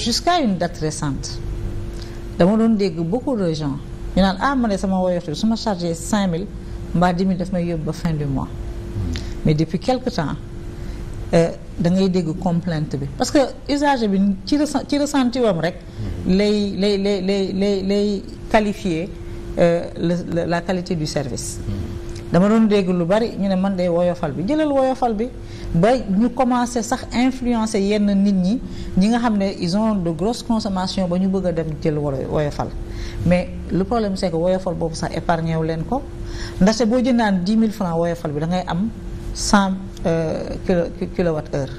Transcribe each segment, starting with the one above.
jusqu'à une date récente dama doon dégg beaucoup de gens ñu naan ah man de sama woyof bi su ma chargé 5000 mbaa 10 daf may yóbbu ba fin du mois mais depuis quelque temps euh, da ngay dégg complainte bi parce que usager bi ci ci ressenti wam rek lay lay lay lay lay lay qualifier euh, la la qualité du service. dama doon dégg lu bari ñu ne man de woyofal bi jëlal woyofal bi ba ñu commencé sax influencer yenn nit ñi ñi nga xam ne ils de grosses consommations ba ñu bëgg a dem jël woyofal mais le problème c'est que woyofal boobu sax épargné wu leen ko ndaxte boo jëndaan dix mille francs woyofal bi da ngay am cent euh, kilo kilowatt heure.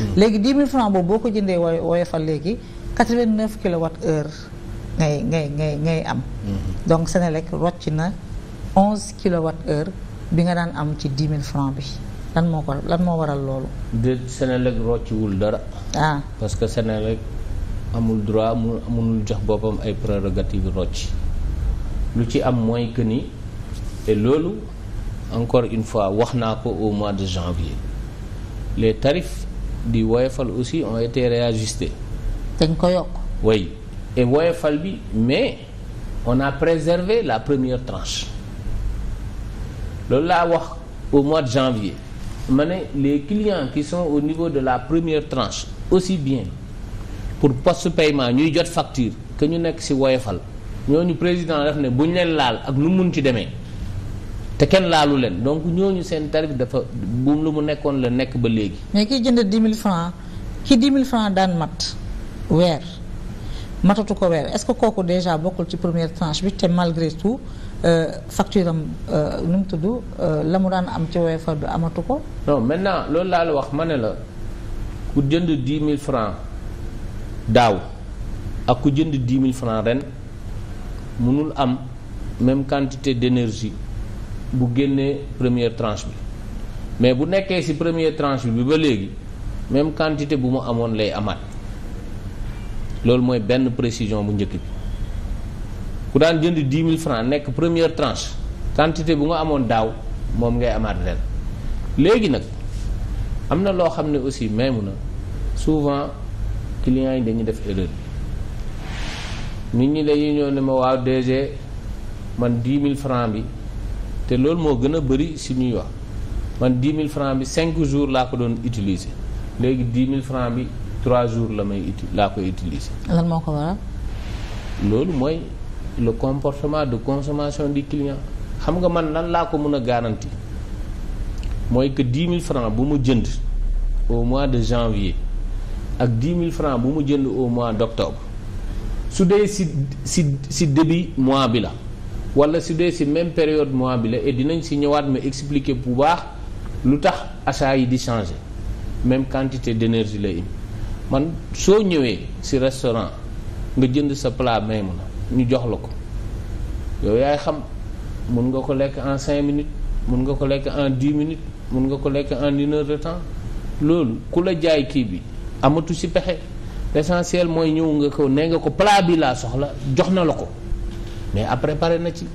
Hmm. léegi dix mille francs boobu boo ko jëndee woyofal léegi quatre vingt neuf kilowatt heure ngay ngay ngay ngay am. Hmm. donc Senelec rocc na. onze kilowatt heure bi nga daan am ci dix mille francs bi lan moo ko lan moo waral loolu. de Senelec rocciwul dara. ah parce que Senelec amul droit amul amul jox boppam ay prérogatives rocc lu ci am mooy que ni et loolu encore une fois wax naa ko au mois de janvier les tarifs du Woyofal aussi ont été réajustés. dañ ko yokk. woy et Woyofal bi mais on a préservé la première tranche. loolu laa wax au mois de janvier ma ne les clients qui sont au niveau de la première tranche aussi bien pour poste paiement ñuy jot facture que ñu nekk ci woyofal ñoo ñu président def ne bu ñu leen laal ak lu mun ci demee te kenn laalu leen donc ñooñu seen tarif dafa buum lu mu nekkoon la nekk ba léegi. mais kiy jënd 10 mille francs ki 10 mille francs daan mat weer matatu ko weer est-ce que kooku déjà bokkul ci première tranche bi te malgré tout. Euh, facture am euh, nu mu tudd euh, la mu daan am ci Woyofal bi amatu ko. non maintenant loolu laa la wax ma ne la ku jënd dix mille francs daaw ak ku jënd dix mille francs ren mënul am même quantité d'énergie bu génnee première tranche bi mais bu nekkee ci première tranche bi ba léegi même quantité bu mu amoon lay amaat loolu mooy benn précision bu njëkk bi. ku daan jënd dix mille francs nekk première tranche quantité bu nga amoon daaw moom ngay amaat ren léegi nag am na loo xam ne aussi mu na souvent clients yi dañuy def erreur nit ñi dañuy ñëw ne ma waaw DG man 10 mille francs bi te loolu moo gën a bëri si ñuy wax man 10 mille francs bi cinq jours laa ko doon utiliser léegi 10 mille francs bi trois jours la may uti laa koy utiliser. ko waral. loolu mooy. le comportement de consommation di client xam nga man lan laa ko mën a garanti mooy que 10 mille francs bu mu jënd au mois de janvier ak 10 mille francs bu mu jënd au mois d'octobre su dee si si si début mois bi la wala su dee si même période mois bi la et dinañ si ñëwaat ma expliquer bu baax lu tax achat yi di changer même quantité d'énergie lay indi man soo ñëwee si restaurant nga jënd sa plat même na ñu jox la ko yow yaay xam mun nga ko lekk en cinq minutes mun nga ko lekk en dix minutes mun nga ko lekk en une heure de temps loolu ku la jaay kii bi amatu si pexe l'essentiel mooy ñëw nga ko nee nga ko plat bi laa soxla jox na la ko mais après pare na ci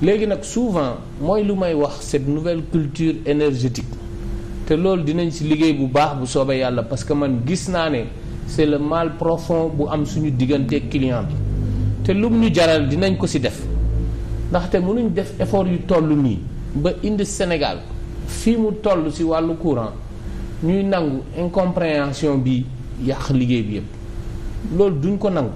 léegi nag souvent mooy lu may wax cette nouvelle culture énergétique te loolu dinañ si liggéey bu baax bu soobee yàlla parce que man gis naa ne c'est le mal profond bu am suñu diggante client bi te lum ñu jaral dinañ ko ci def ndaxte mënuñ def effort yu toll nii ba indi Sénégal fii mu toll ci wàllu courant ñuy nangu incompréhension bi yàq liggéey bi yëpp loolu duñ ko nangu.